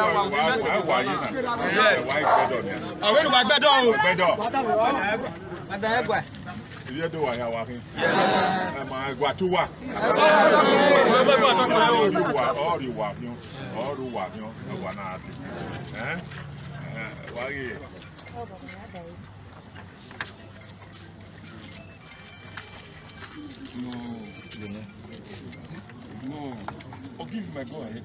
àwọn ènìyàn gbẹdọ o. gbẹdọ. ilé tó wà yà wà kí. ẹmọ ẹgbà tó wà. ọrì wà ọrì wà ní ọrì wà ní ẹwà náà ti. wáyé. No, no. No. Oh, give me my go ahead.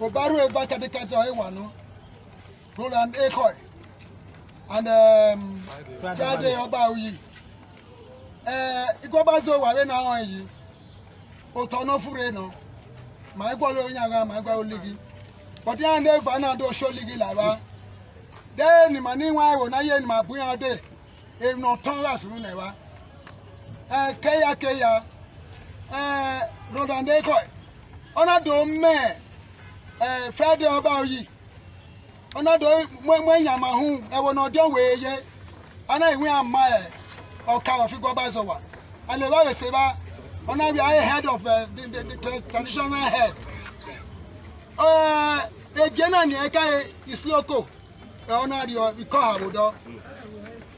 Obaru Eva Kadekato Ewano, Roland Ekoy, and um, Jade Obaoyi. Eh, Igobazo Ware na Oyi, Otono Fureno, my Gwalo Yaga, my Gwaligi. But ya na Eva na do show ligi lava. Then I will not yen ọ na Eh, Friday Obaoyi onodo mwenyama hu ewo no de weye ana iwe ama e oka ofigwa bazowa alewa we seba ona we are head of uh, the, the, the traditional head eh uh, ejena ni eka isloko ona dio iko habudo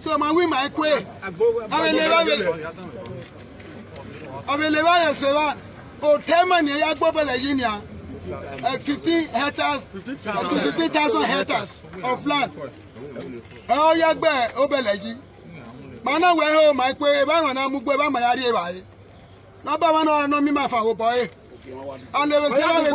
so ma win my quay ọ̀rẹ́lẹ́wà yẹn ṣe wá òtẹ́mọ̀ ni ẹ̀yà gbọ́bọ̀lẹ̀ yìí ni à fifteen hectares fifteen thousand hectares of land ẹ̀yọ́ yẹgbẹ́ ọbẹ̀lẹ̀ yìí màá náà wẹ̀ ẹ́ o màá pé ẹ bá wọn náà mú gbé bá màá yára ìwà yìí lọ́bà wọn náà ọ̀nà mímọ́ àfàwọ̀ bọ̀ ẹ́ àlẹ́ òsèré àlẹ́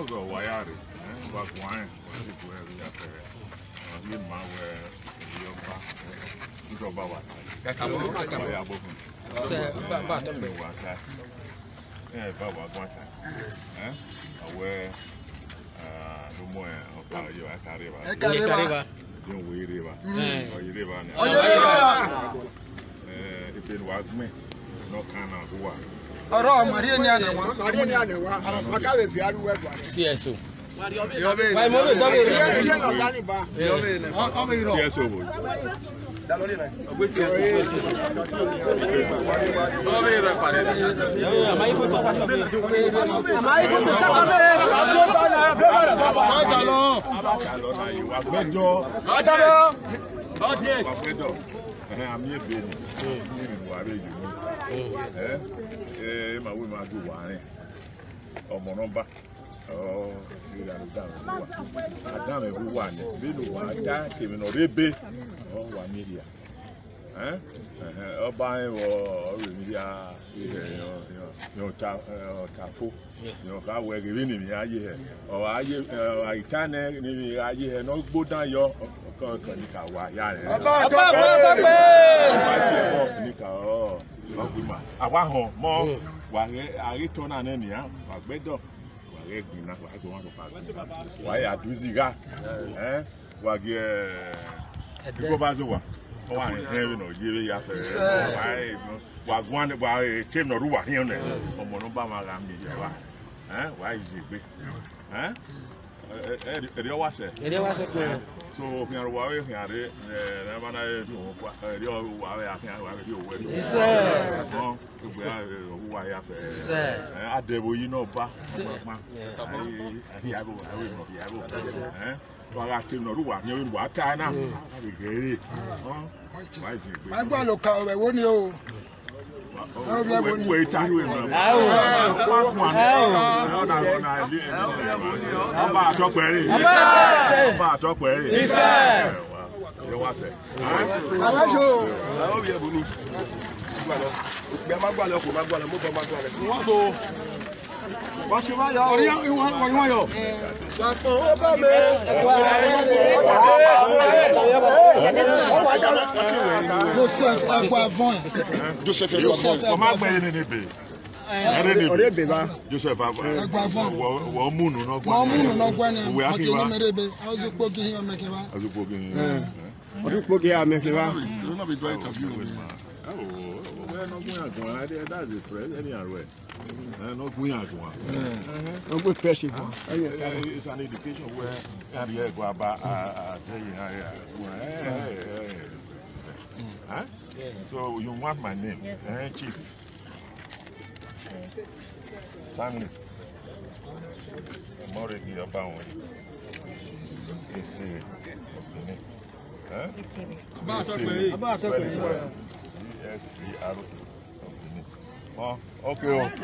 ọzọ wayari gbagbo anyị ndị bụ eri afere ndị mma wee eri ọba ndị ọba wata ya gbogbo ndị wata ya ebe awa gwata awe rumo ya ọba yo akariba yo wiriba oyiriba ni oyiriba eh ibin wa gme n'ọkan náà wà. ọ̀rọ̀ màríyé ni ànàwá. màríyé ni ànàwá àkàwé fi arúgbó ẹ̀kọ́. cso. wàyí mo lè dọ́ mi rẹ̀. ilé náà dá nípa. ọmọ ìrọ̀. cso bò. ọgbẹ́ cso. ọmọ ìrọ̀ pàdé. àmà na ami ebe ni ni mi buhari eyi mu ẹ ẹ ma wo ma ju buhari ọmọ náà bá ọ ìrìn àdúgbò àwọn ìwà àdáàmì ìwú wà ní bílù wà dá kèmí náà rébé ọ wà ní ìyà ọba ìwọ ọrùn mi yá yọtafo yọka wẹgẹrẹ nìmi ayé hẹ ọ ayé ọ àìtánẹ nìmi ayé hẹ náà gbódà yọ ọ kankan ní ká wá yá rẹ̀. ọba àkọ́kọ́ ọba pé. ọba tí ẹ wọ ní ká ọ ọgbìmọ̀ àwa hàn mọ́ hmm. wàrẹ́ àrítọ́nà náà nìyà wàgbẹ́dọ̀ wàrẹ́ gbìnà wàrẹ́ gbìnà wàrẹ́ àdúzìrà wàrẹ́ ìfọ̀bázọ̀wà wa ni hɛn nɔ yiri ya fɛ wa ye wa guan de wa ye tse nɔru wa hɛn nɛ ɔmɔnu ba ma la mi yɛ wa hɛn wa ye zegbe hɛn ɛdeɛ wasɛ ɛdeɛ wasɛ kura so fiɲɛ wa ye fiɲɛ ɛɛ n'a ma n'a ye fiɲɛ wo fa ɛdeɛ wa ye a fiɲɛ wa ye fiɲɛ wo ye sɛ ɔn ebuya wa ɛɛ a dɛbo yi n'o ba kuma ayi ayi a b'o a b'o nɔfɛ a b'o ɛɛ wa ka te nɔ do wa ɲɛ wa kaa na a bɛ gɛrɛ ɔn wa ye gbɛ. a gbọ́ àlọ́ kan ọ̀rẹ́ wo ni o wee ta ọba àtọpẹrẹ ọba àtọpẹrẹ aláṣọ gbẹ má gbà lọ kò má gbà lọ mú bọ má gbà lọ wọ́n ṣe wáyọ̀ orí ìwọ̀n ìwọ̀n yọ̀. ó bá mi wà á ṣe Joseph Agbavon. Joseph Agbavon ọmọ agbẹ́yìn ni níbi ọ̀rẹ́ bẹ̀ bá. Joseph Agbavon wọ́n múnú náà gbọ́n. wọ́n múnú náà gbọ́n ni ọkì ní mẹ́rẹ̀ẹ́bẹ̀ ọ̀zùpọ̀ kì í ọmọkẹ́wà. ọ̀zùpọ̀ kì í ọmọkẹ́wà. ọ̀zùpọ̀ kì í ọmọkẹ́wà. So you want my name, yes, eh, Chief Stanley Morigi Obanwe. Ese, Benin. Huh? Ese, Ese, Ese, Ese, Ese, Ese, Ese, Ese, Ese, Ese, Ese, Ese, Ese, Ese, SPRO Obìnrin. Wọ́n ókè o. Wàpọ̀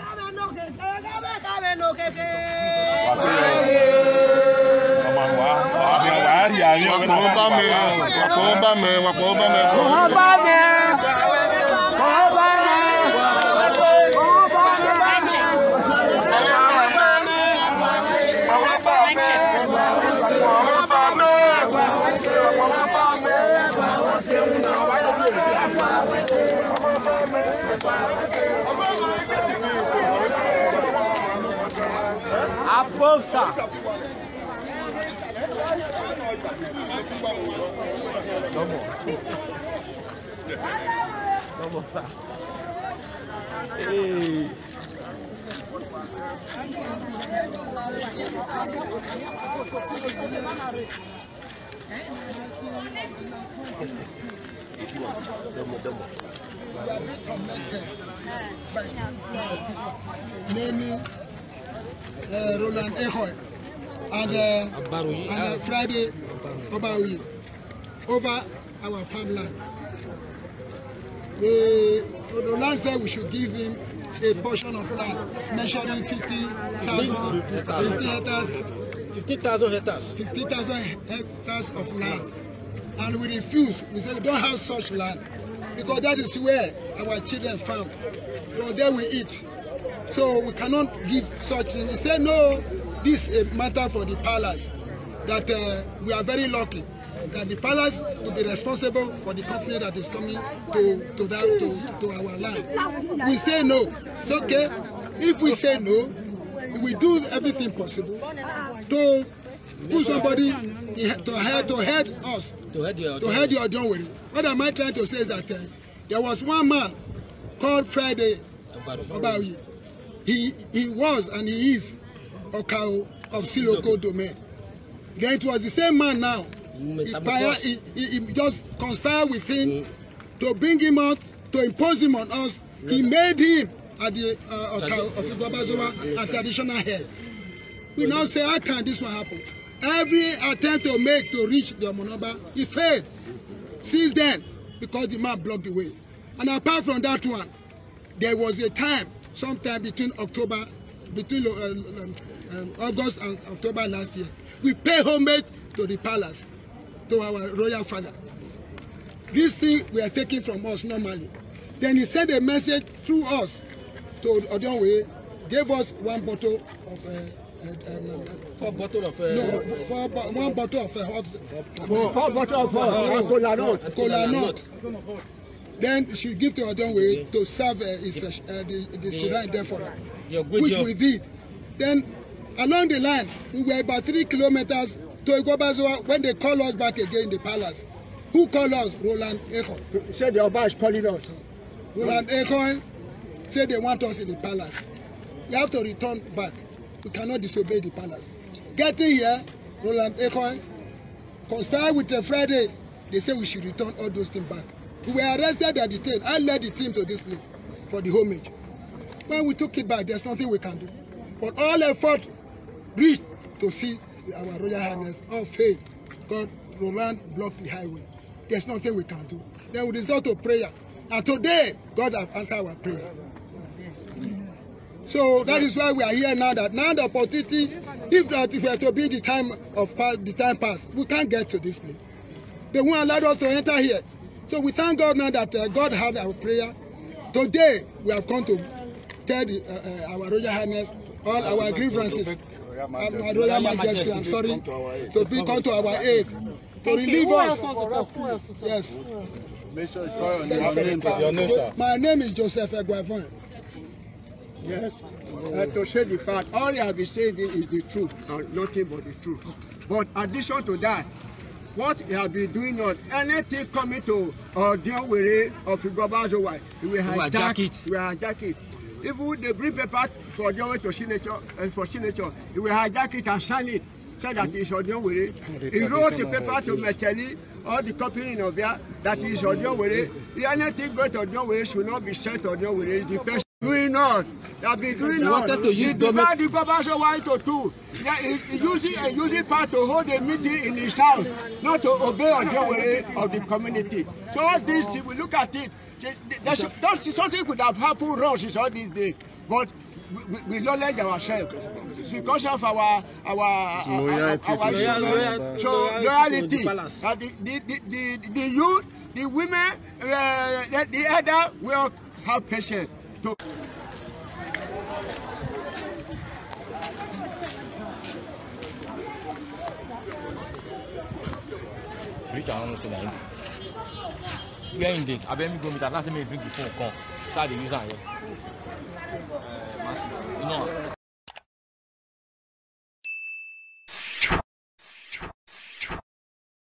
wá oh, oh. wàá rí àárín ọ̀gbìn. Wàpọ̀ bá mi wàpọ̀ bá mi wàpọ̀ bá mi. Wọ́n bá mi. Bolsa. Vamos. Vamos, Bolsa. Ei. Eh, Roland Ehoy and, eh, and eh, ah. Friday Obawi over our farmland. The Roland said we should give him a portion of land measuring 50,000 50 hectares 50,000 hectares 50,000 hectares of land and we refuse we say we don't have such land because that is where our children farm from there we eat So we cannot give such things. He said, no, this is a matter for the palace, that uh, we are very lucky that the palace will be responsible for the company that is coming to to that to, to our land. We say no. It's okay. If we say no, we do everything possible to put somebody to head to head us to head your to head your don't What am I trying to say is that uh, there was one man called Friday Obaoye. He, he was and he is Okao of Siloko domain. Then it was the same man now. Mm, he, prior, he, he, he just conspired with him mm. to bring him out, to impose him on us. Yeah. He made him at the uh, Okao of Igobazowa and traditional head. We now say, how can this one happen? Every attempt to make to reach the Omonoba, he failed. Since then, because the man blocked the way. And apart from that one, there was a time sometime between October, between uh, um, um, um, August and October last year. We pay homage to the palace, to our royal father. This thing we are taking from us normally. Then he sent a message through us to Odonwe, gave us one bottle of uh, uh um, um, four bottle of uh, no four one bottle of uh, hot four, bottle of uh, cola nut cola nut then she give to Odonwe okay. to serve uh, his, uh, the, the, the shrine there for which job. we did. Then along the line, we were about three kilometers to Igobazoa when they call us back again the palace. Who called us? Roland Echo. Said the Oba is calling us. Roland Echo said they want us in the palace. We have to return back. We cannot disobey the palace. Getting here, Roland Echo conspired with the Friday. They say we should return all those things back. We arrested and detained. I led the team to this place for the homage. When we took it back, there's nothing we can do. But all effort reached to see our Royal Highness all faith, God, Roland blocked the highway. There's nothing we can do. Then we resort to prayer. And today, God has answered our prayer. So that is why we are here now. That now the opportunity, if that if we are to be the time of the time pass, we can't get to this place. They won't allow us to enter here. So we thank God now that uh, God heard our prayer. Today, we have come to tell the, uh, uh, our Royal Highness all our, grievances. Um, uh, our Royal Majesty, I'm sorry, to be come to our aid, to relieve us. Yes. My name is Joseph Egwavon. Yes. Uh, to say the fact, all you have been saying is the truth, and nothing but the truth. But addition to that, what he has been doing on anything coming to Odinwere uh, of Igobazowa he will hijack it he will hijack it even the bring paper for Odinwere to signature and uh, for signature he will hijack it and sign it so that it's Odinwere he wrote the paper to Mecheli all the company in Ovia that is Odinwere anything going to Odinwere should not be sent to Odinwere the person doing us that be doing they us he divide the government one to two They are using a using power to hold a meeting in his house not to obey Odewere of the community so all this if we look at it there's, there's something could have happened wrong since all these days but we, we, knowledge ourselves because of our our loyalty our, our, our loyalty, so loyalty uh, the, the, the, the, the youth the women uh, the, the elder will have patience tó. fìríkì àwọn ọmọ sílẹ̀ ẹ̀ǹdì gbẹ̀ǹdì abẹ́mí gomita láti mẹ́rin fìríkì fún ọ̀kan sáà dé yúzà yẹn. Eh,